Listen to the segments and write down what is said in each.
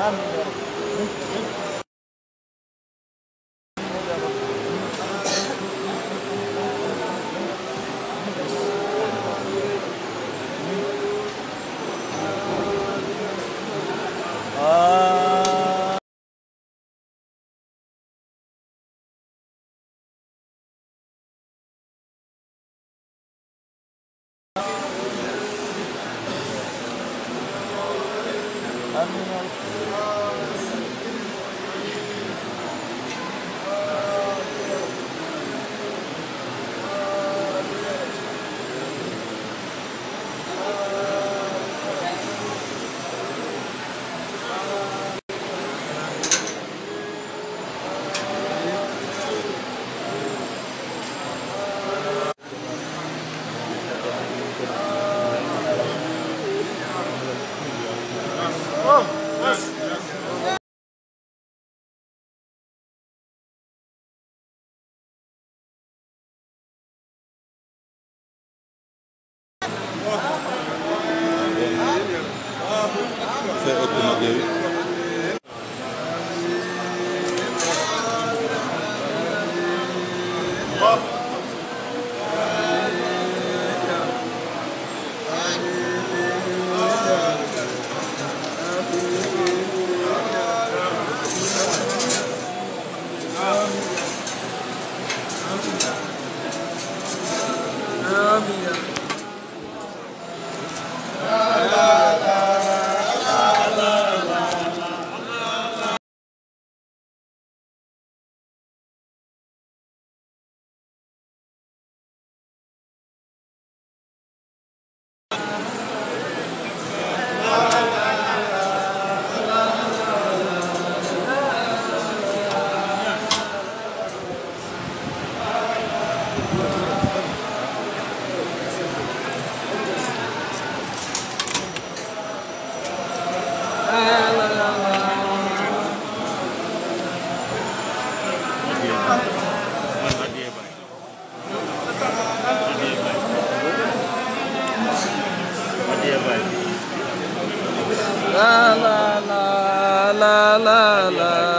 amiin yooyu la la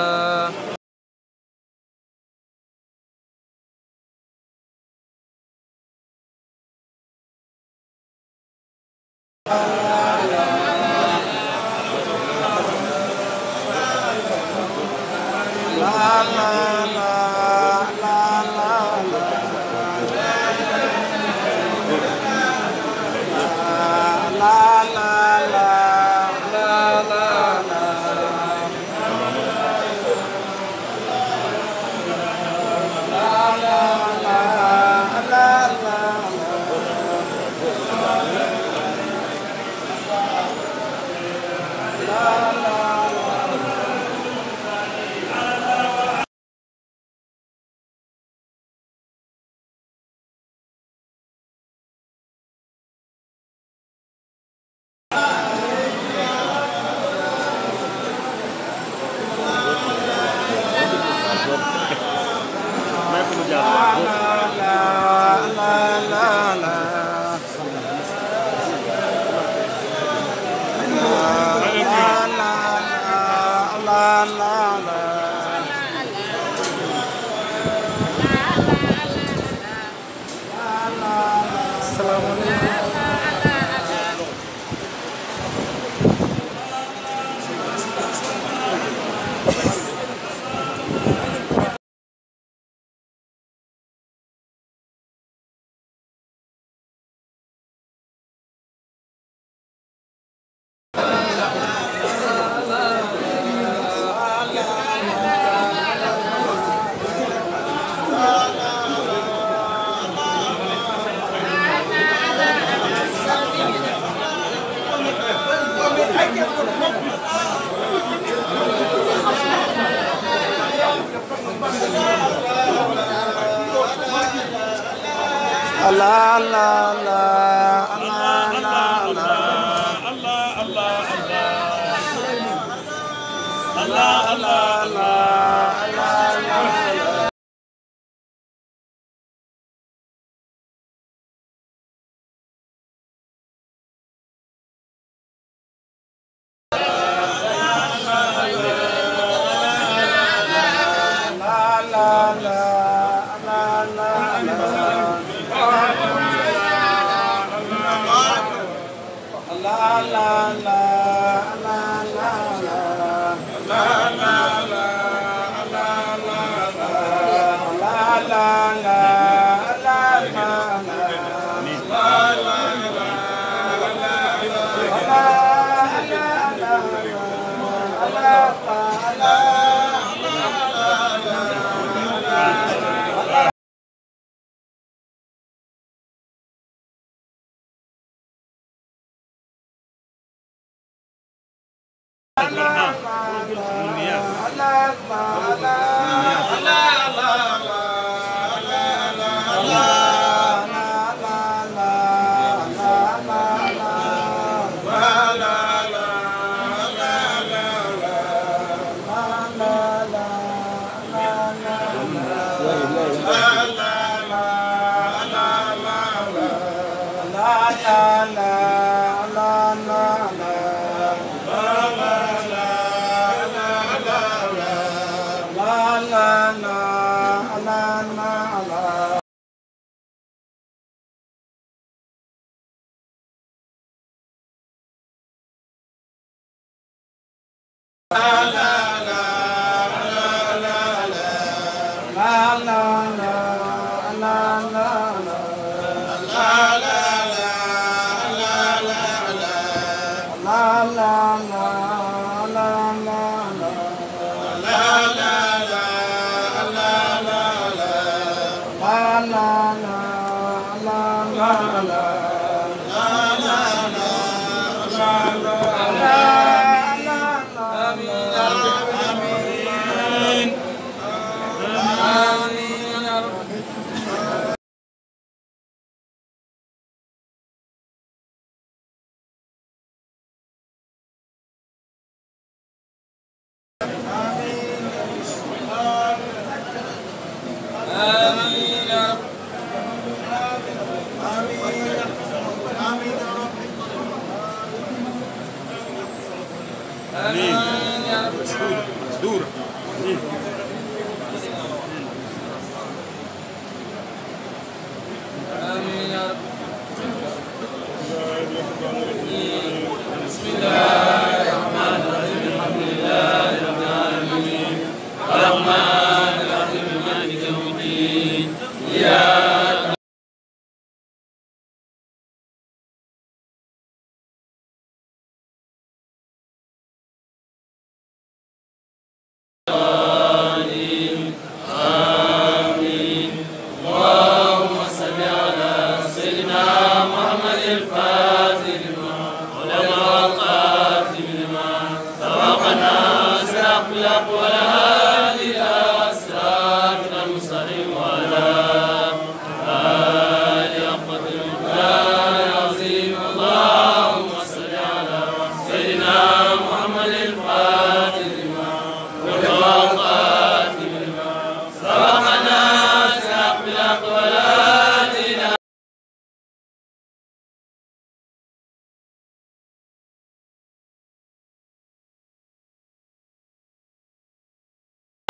Amém. Amém.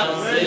Amen.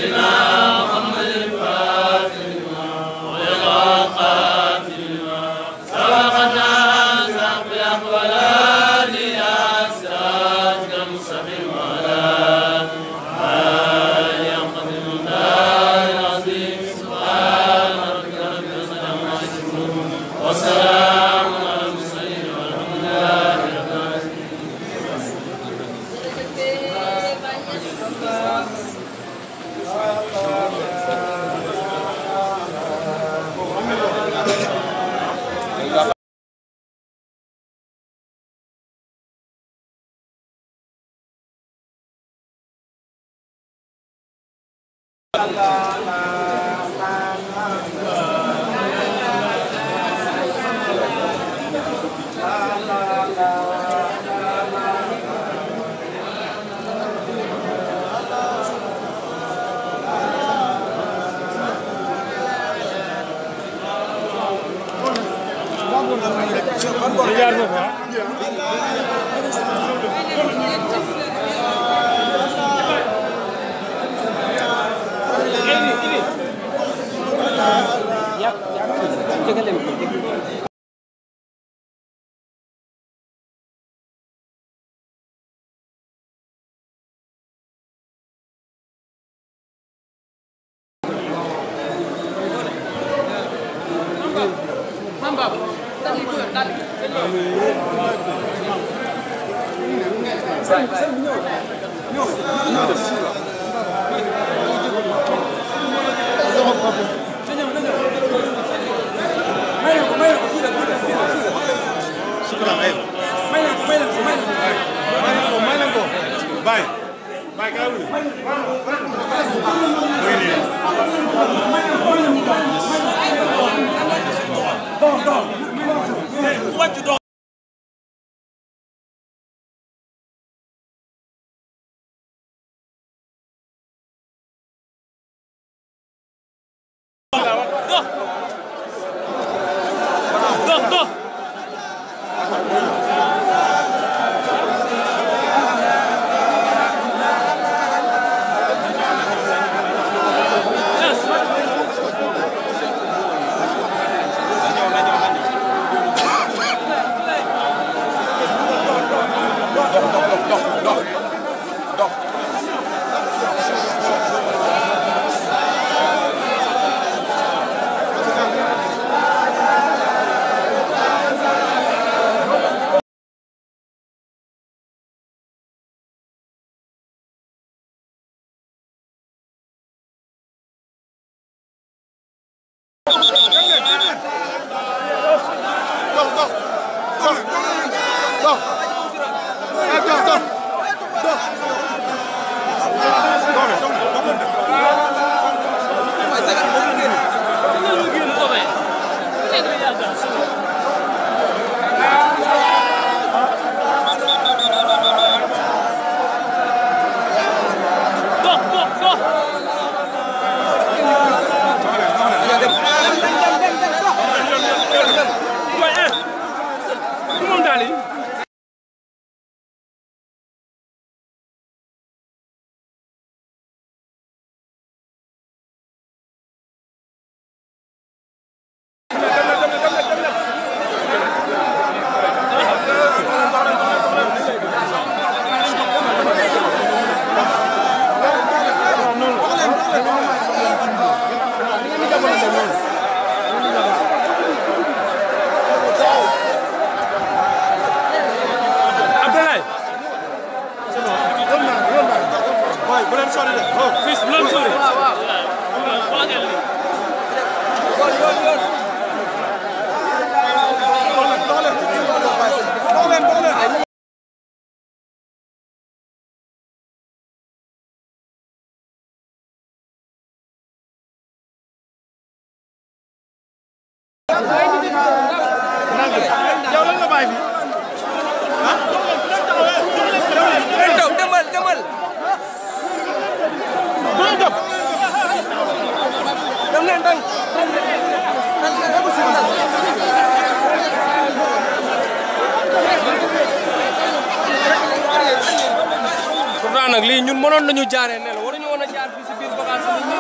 ñu jaaree ne la waruñu woon a jaar fii si biir bagage bi.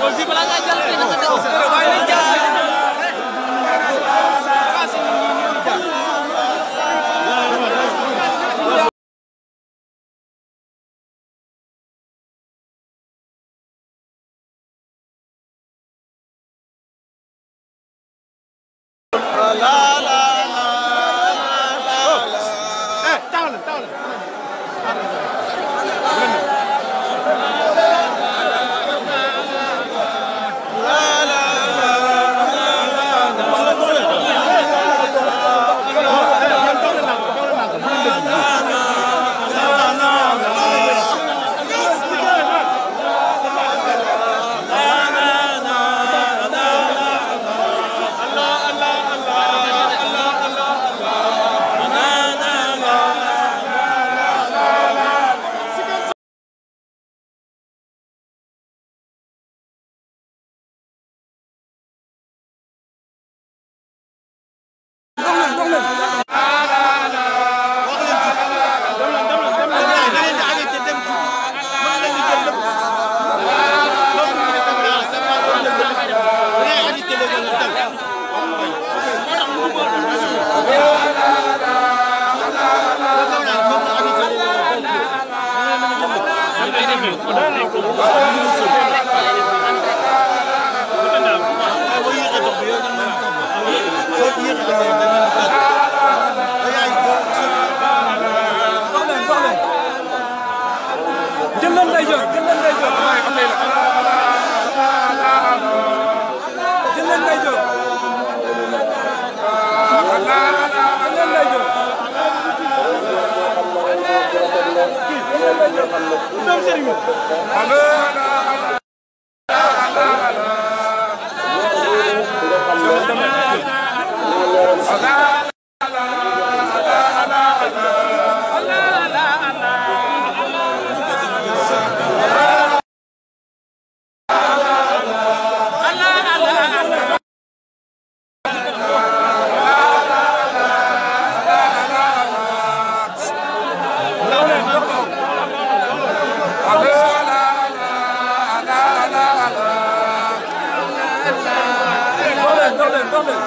loolu fii balaa ngaa jàll Amen. dox leen dox leen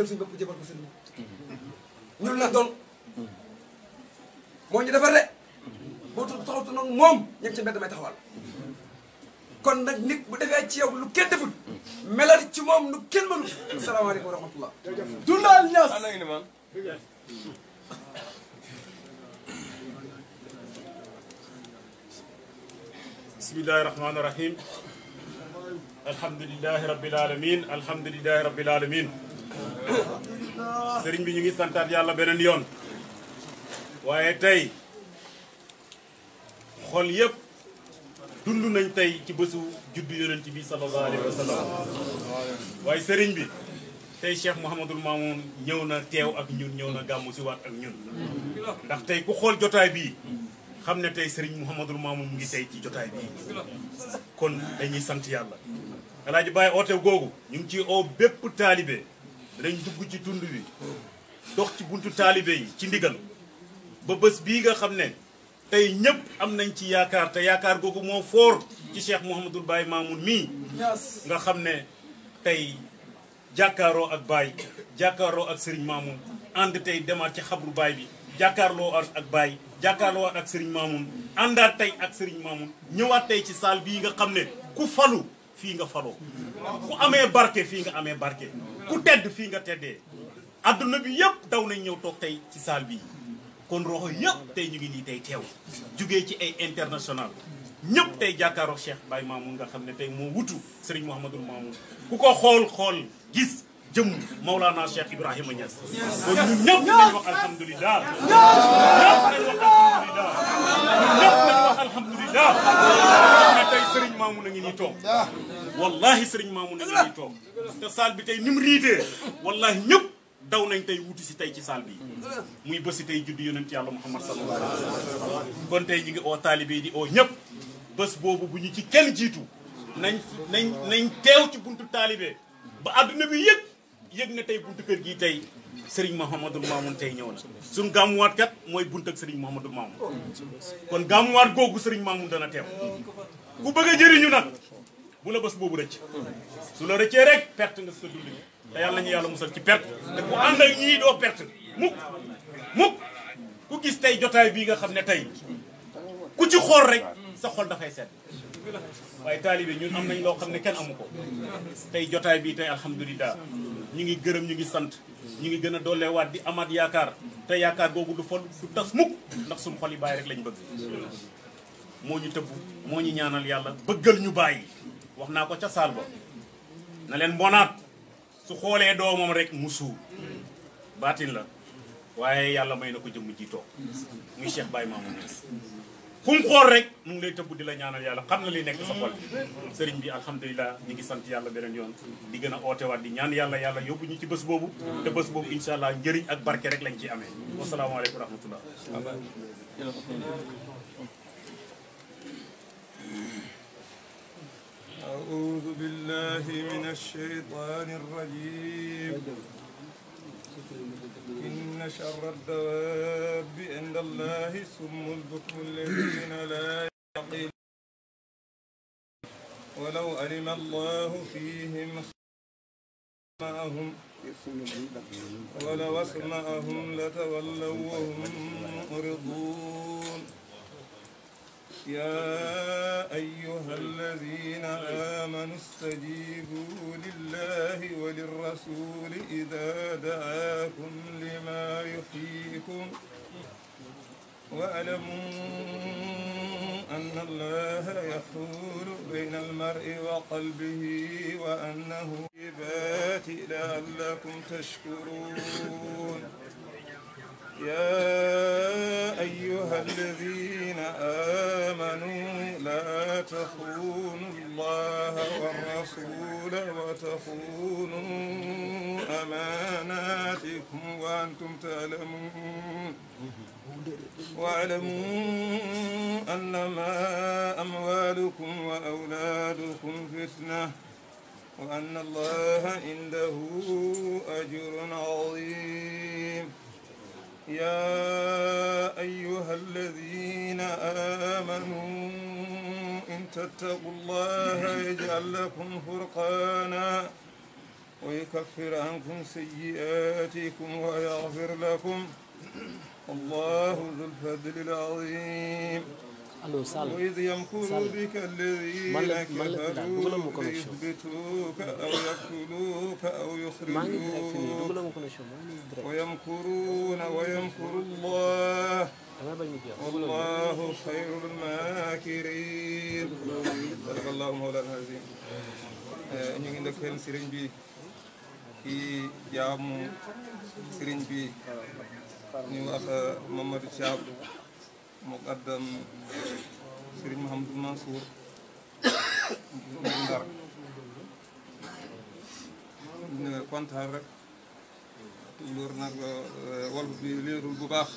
jël suñu bopp jëbal ko seen bopp ñun la doon moo ñu defar de boo taxawtu noonu moom ñu ngi ci mbedd may taxawal kon nag nit bu defee ci yow lu kenn deful melal ci moom lu kenn mënu asalaamaaleykum wa rahmatullah dundal ñas bismillahi rahmaani rahim alhamdulilahi rabbil alamin alhamdulilahi rabbil alamin sëriñ bi ñu ngi santaat yàlla beneen yoon waaye tey xool yëpp dund nañ tey ci bésu juddu yonent bi sallallahu alayhi wa sëriñ bi tey Cheikh Mouhamadul Mamoun ñëw na teew ak ñun ñëw na gàmmu si waat ak ñun ndax tey ku xool jotaay bii xam ne tey sëriñ Mouhamadul Mamoun mu ngi tey ci jotaay bii kon dañuy sant yàlla alaaji bàyyi oote googu ñu ngi ciy oo bépp taalibe danañ dugg ci tund bi dox ci buntu taalibe yi ci ndigal ba bés bii nga xam ne tey ñëpp am nañ ci yaakaar te yaakaar googu moo foor ci Cheikh Mouhamadul Baye Mamoun mii nga xam ne tey jàkkaaroo ak Baye jàkkaaroo ak Serigne Mamoun ànd tey demaat ci xabru bi jàkkaarloo ak Baye jàkkaarloo ak Serigne Mamoun tey ak Serigne Mamoun ñëwaat tey ci saal bii nga xam ne ku falu fii nga faloo ku amee barke fii nga amee barke ku tedd fii nga teddee adduna bi yëpp daw nañ ñëw toog tey ci salle bi kon roxo yëpp tey ñu ngi nii tey teew jugee ci ay international ñëpp tey jàkkaaroo Cheikh Baye Mamoun nga xam ne tey moo wutu Serigne Mouhamadul Mamoun ku ko xool xool gis jëm Maulana Cheikh Ibrahima Niass kon ñun ñëpp nañ wax alhamdulilah ñëpp nañ wax alhamdulilah ñëpp nañ wax alhamdulilah mais tey Serigne Mamoun a ngi nii toog ah. wallahi Serigne Mamoun a ngi nii toog te saal bi tey ni mu riitee wallahi ñëpp daw nañ tey wuti si tey ci saal bi muy bési tey juddu yonent yàlla Muhammad sallallahu alayhi wa sallam kon tey ñu ngi oo taalibe di oo ñëpp bés boobu bu ñu ci kenn jiitu nañ nañ nañ teew ci buntu taalibe ba àdduna bi yëg yëg na tey buntu kër gii tey Serigne Mouhamadul Mamoun tey ñëw na suñ gàmmuwaat kat mooy bunt ak Serigne Mouhamadul Mamoun kon gàmmuwaat googu Serigne Mamoun dana teew ku bëgg a jëriñu nag bu la bés boobu rëcc su la rëccee rek perte nga sa dund gi te yàlla ñu yàlla musal ci perte te ku ànd ak ñii doo perte mukk mukk ku gis tey jotaay bii nga xam ne tey ku ci xool rek sa xol dafay sedd waaye taalibe ñun am nañ loo xam ne kenn amu ko tey jotaay bii tey alhamdulilah ñu ngi gërëm ñu ngi sant ñu ngi gën a dooleewaat di amaat yaakaar te yaakaar googu du fol du tas mukk ndax suñu xol yi bàyyi rek lañ bëgg moo ñu tëb moo ñu ñaanal yàlla bëggal ñu bàyyi wax naa ko ca saal ba na leen mbonaat su xoolee doomam rek musu baatin la waaye yàlla may na ko jëmm jiitoo muy Cheikh Baye Mamadou Niass fu mu xool rek mu ngi lay tëbb di la ñaanal yàlla xam na li nekk sa xol sëriñ bi alhamdulilah ñu ngi sant yàlla beneen yoon di gën a ootewaat di ñaan yàlla yàlla yóbbu ñu ci bés boobu te bés boobu insha allah njëriñ ak barke rek lañ ciy amee wasalaamaaleykum wa rahmatullah أعوذ بالله من الشيطان الرجيم إن شر الدواب عند الله سم البكم الذين لا يعقلون ولو علم الله فيهم معهم ولو أسمعهم لتولوا وهم معرضون يا أيها الذين آمنوا استجيبوا لله وللرسول إذا دعاكم لما يحييكم واعلموا أن الله يحول بين المرء وقلبه وأنه بات لعلكم تشكرون يا أيها الذين آمنوا لا تخونوا الله والرسول وتخونوا أماناتكم وأنتم تعلمون واعلموا أنما أموالكم وأولادكم فتنة وأن الله عنده أجر عظيم يا أيها الذين آمنوا إن تتقوا الله يجعل لكم فرقانا ويكفر عنكم سيئاتكم ويغفر لكم الله ذو الفضل العظيم وإذ يمكر بك الذين كفروا ليثبتوك أو يقتلوك أو يخرجوك ويمكرون ويمكر الله والله خير الماكرين صدق الله مولانا العظيم ñu ngi ndokkeel sëriñ bi ci jaamu sëriñ bi ñu wax Mamadou Thiam mu gàddam sëriñ Mouhamadou Mansour mu ndar kontaan rek loolu nag euh, wal bi leerul bu baax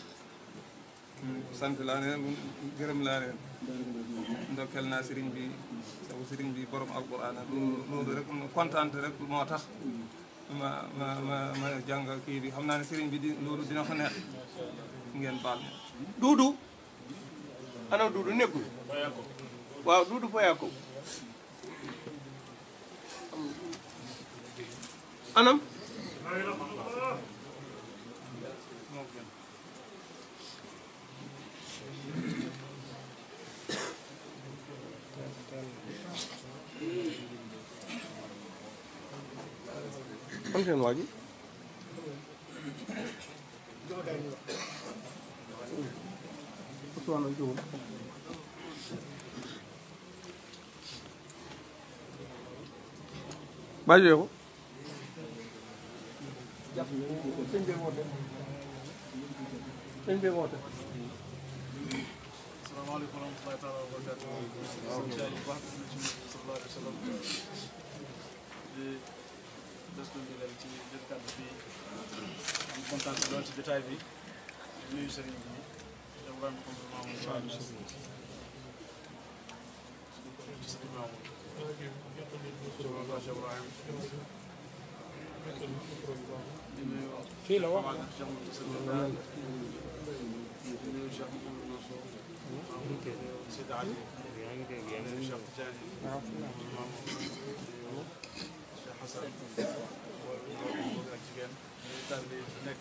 sant laa leen gërëm laa leen ndokkeel naa sëriñ bi sabu sëriñ bi borom alquran loolu rek kontaan rek moo tax ma ma ma jàng kii bi xam naa ne sëriñ bi di loolu dina ko neex ngeen baal ne duudu ana duudu nekkul waaw duudu foyaako anam am seen waa ji. bàyyi ko. des na ndigal ci jël kàddu fii am kontaan lool ci jotaay bi di nuyu sëriñ bi yow ren comme ni ma amoon baal ñu sëriñ bi sëriñ Mamour sëriñ Ibrahim di nuyu fii la wax Cheikh Moussa Sëriñ di nuyu Cheikh Mouhamadou Mansour Sida Ali di nuyu Cheikh Tidiane ak jigéen militar bi fi nekk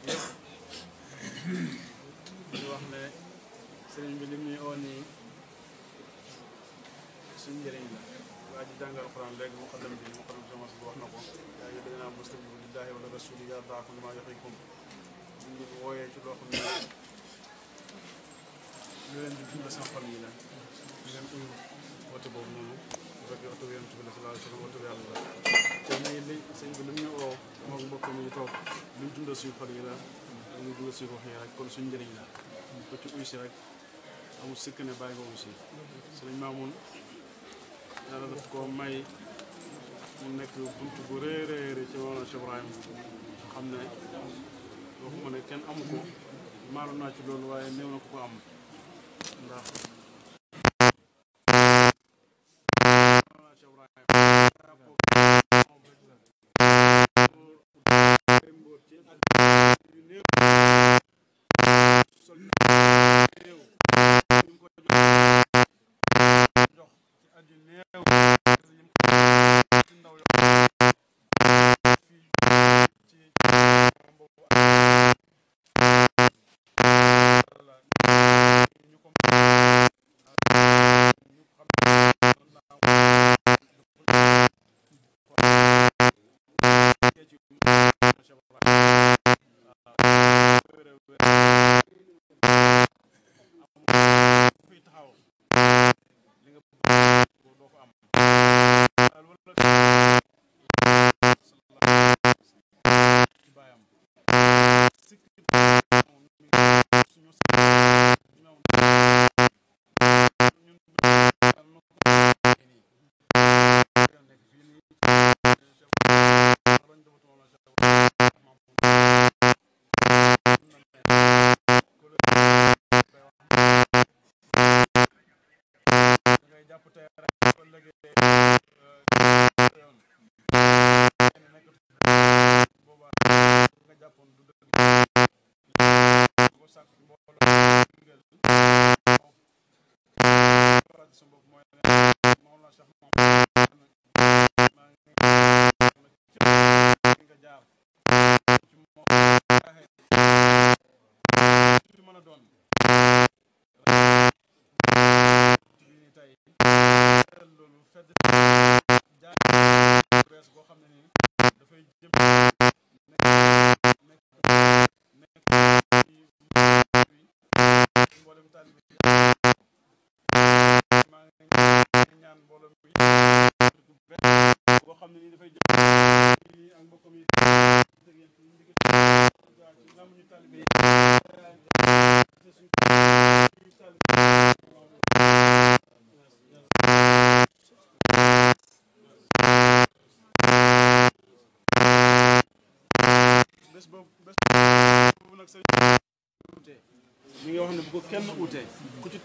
ñu wax ne sëriñ bi li muy oo nii suñu njëriñ la waa ji jàngal Alxuraan léegi mu xaddam bi mu xaddam semence bi wax na ko yaa ngi dëgg naa mustajibu lillahi wala rasuli yaa daakum maa yoxikum ñu ngi wooyee ci loo xam ne lu leen di dund sama famille la boobu noonu rek waxtu bi yonent bi la sallallahu alayhi wa sallam waxtu te muy li sëñ bi lu ñu oo moom mbokk mi toog lu ñu dundal suñu xol yi la lu ñu dundal suñu wax yi rek kon suñ njëriñ la ko ci uy rek amul sikk ne bàyyi nga uy si sëriñ Maamun yàlla daf ko may mu nekk bunt bu rëy rëy rëy ci wàllu Cheikh xam ne waxuma ne kenn amu ko naa ci loolu waaye néew na ko ko am ndax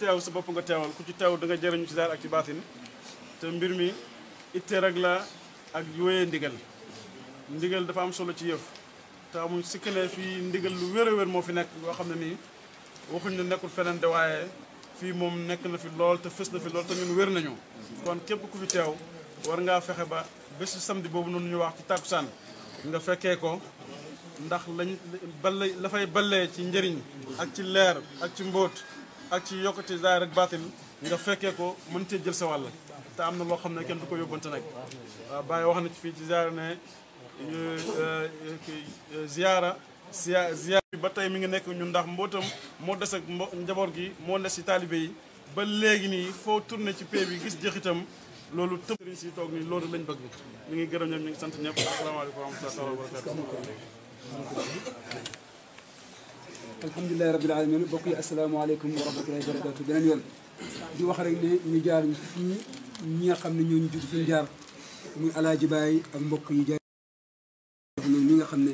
teew sa bopp nga teewal ku ci teew da nga ci daal ak ci baatin te mbir mi itte rek la ak yooyee ndigal ndigal dafa am solo ci yëf te amuñ fii ndigal lu wér a moo fi nekk loo xam ne nii waxuñ ne nekkul feneen de waaye fii moom nekk na fi lool te fës na fi lool te ñun wér nañu kon képp ku fi teew war ngaa fexe ba bésu samedi boobu noonu ñu wax ci tàkkusaan nga fekkee ko ndax lañ bal la fay ballee ci njëriñ ak ci leer ak ci mbóot ak ci yokkute zaahir ak baatin nga fekkee ko mën cee jël sa la te am na loo xam ne kenn du ko yóbbante nag waaw Baye wax na ci fii ci ziara ne ziara euh, euh, ziara ziara bi ba tey mi ngi nekk ñun ndax mbootam moo des ak njaboot gi moo des ci taalibe yi ba léegi nii foo tourné ci pay bi gis jëxitam loolu tëb si toog nii loolu lañ bëgg mi ngi gërëm ñoom ñu ngi sant ñëpp asalaamaaleykum wa rahmatulah wa barakatu alhamdulilahi rabil alamin bokk yi asalaamaaleykum wa rahmatullahi wa barakatu beneen yoon di wax rek ne ñu jaar fii ñi nga xam ne ñooñu jur fi ñu jaar muy alaaji baay ak mbokk yi jaar ñi nga xam ne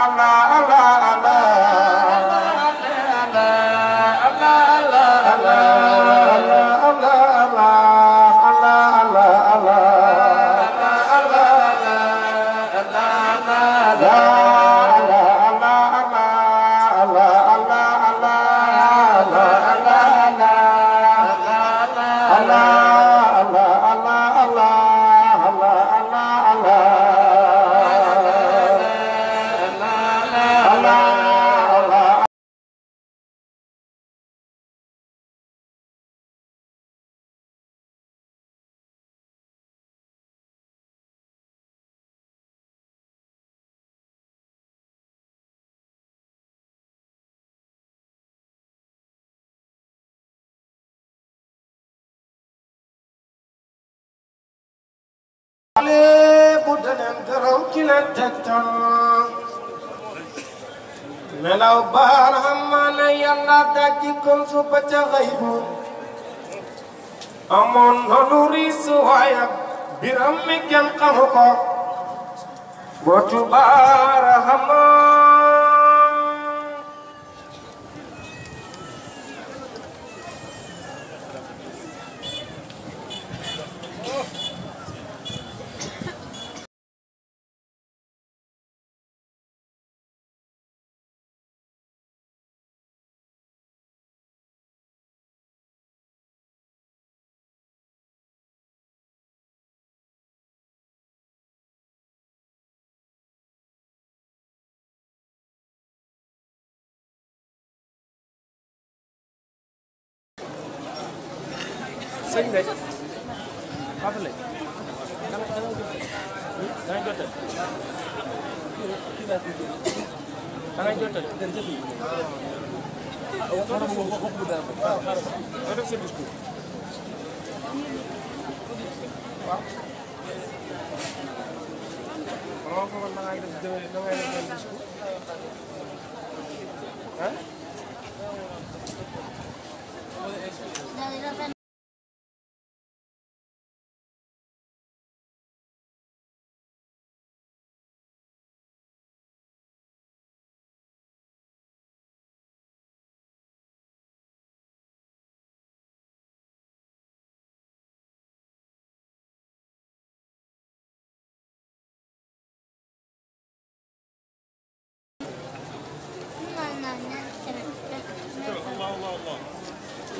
Allah Allah bu dënën dërëw ci leen tegtal nelaw baaraam maane yàlla dajji kon su ba ca xaybu amoon na lu riis waaye biram mi kenn xamu ko boo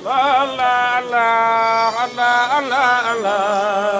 la la la la la la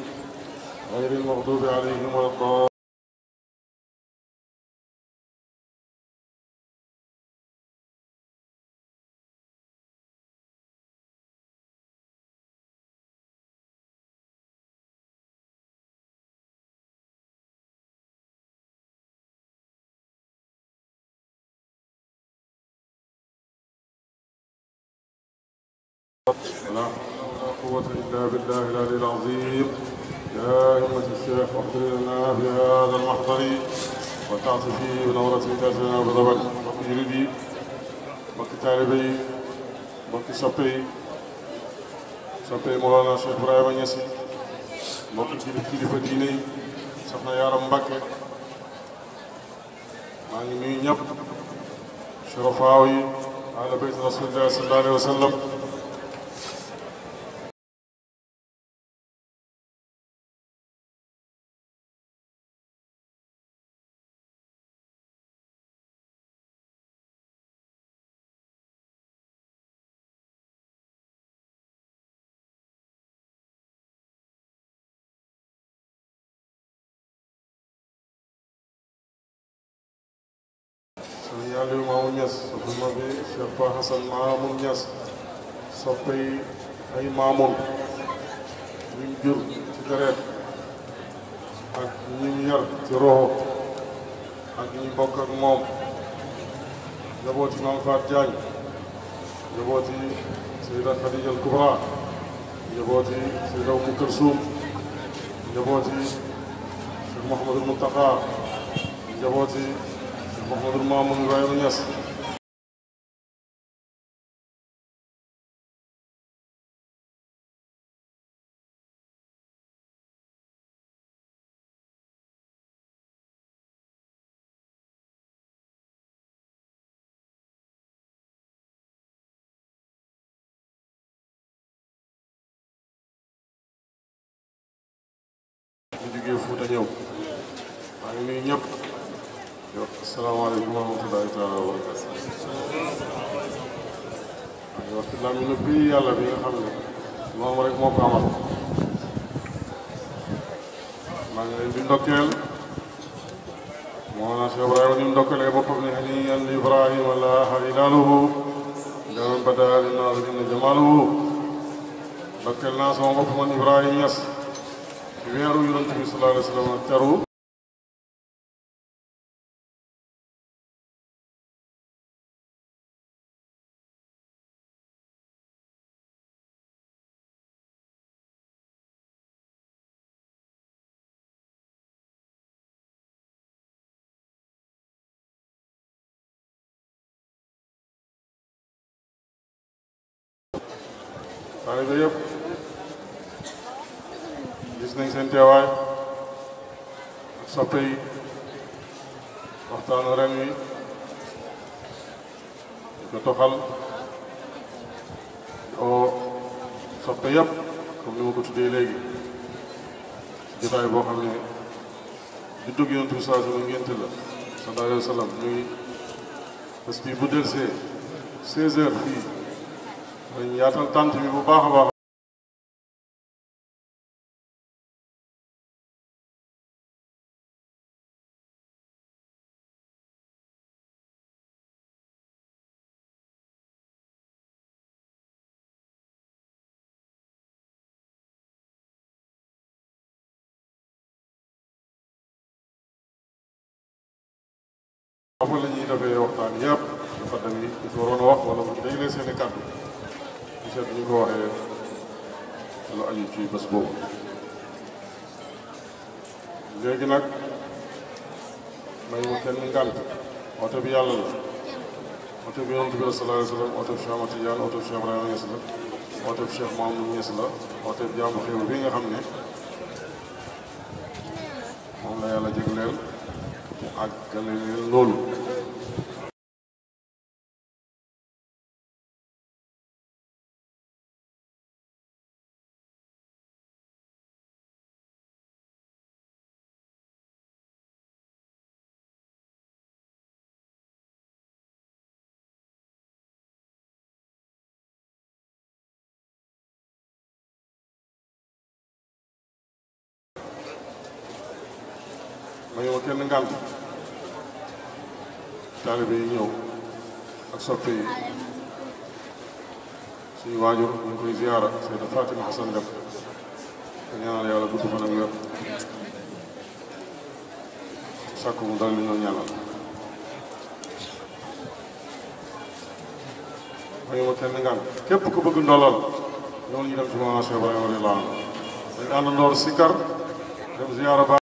غير المغضوب عليهم ولا الضالين ولا حول ولا قوة إلا بالله العلي العظيم يا همة الشيخ واحضر لنا في هذا المحضر وتعصي فيه بنورة تاسعنا وبضبل mbokki jullit yi mbokki taalibe yi mbokki soppe yi soppe yi Mawlana Cheikh Ibrahima Niass mbokki jullit kilifa diine yi soxna Yaaram Mbàkke maa ngi nuyu ñëpp surafaaw yi ala bayt rasulillah sallallahu alayhi wa sallam Assane mu Niass soppe yi ay Mamoun ñu jur ci deret ak ñu yar ci roxo ak ñu bokk moom njabooti Maam Faat Jaañ njabooti Seyda Khadija al Kubra njabooti Seyda Umu Kalsum njabooti Cheikh Mouhamadul Mountakha njabooti Cheikh Mouhamadul Mamoun Ibrahima Niass jugee Fuuta ñëw maa ngi nuyu ñëpp yow asalaamaaleykum wa rahmatulahi taala wa barakatu maa ngi wax ci làmmiñu bii yàlla bi nga xam ne moom rek moo ko maa ngi leen ndokkeel moo naa Cheikh Ibrahima di ndokkeelee boppam ne haniyan li Ibrahima laaha ilaaluhu jaman badaa ndokkeel naa sama bopp man Ibrahima Ñas weeru yonent bi sallallahu alayhi wa sallam teru taalibe yëpp soppe yi waxtaanu ren wi di ko toxal oo soppe yëpp comme ni ma ko tuddee léegi jotaay boo xam ne di dugg yonent bi saa sama ngénte la sallallahu alayhi wa sallam ñuy bu delsee 16 heures fii dañ yaatal tànt bi bu baax a baax amul la waxtaan yëpp dafa demee li ci waroon a wax wala man dañu leen seen i kàddu di seet ñu ko waxee lu aju ci bés boobu. léegi nag may ma kenn ngànt oto bi yàlla la oto bi yonent bi sallallahu alayhi wa sallam oto bi Cheikh Ahmad Tidiane oto la oto bi xew bi nga xam ne moom la yàlla jégleel. àggale leen loolu ma yow kenn ngànt taalibe yi ñëw ak soppe suñu waajur ñu koy ziyaara Seyda Fatima Xasan def ñaanal yàlla gudd fan ak sàkku mu dal li ñaanal mayu ma kenn ngaan képp ku bëgg ndolal ñoo ñu dem ci Mawlana Cheikh Ibrahima radiyallahu anhu dañ àndandoor sikar dem ziyaara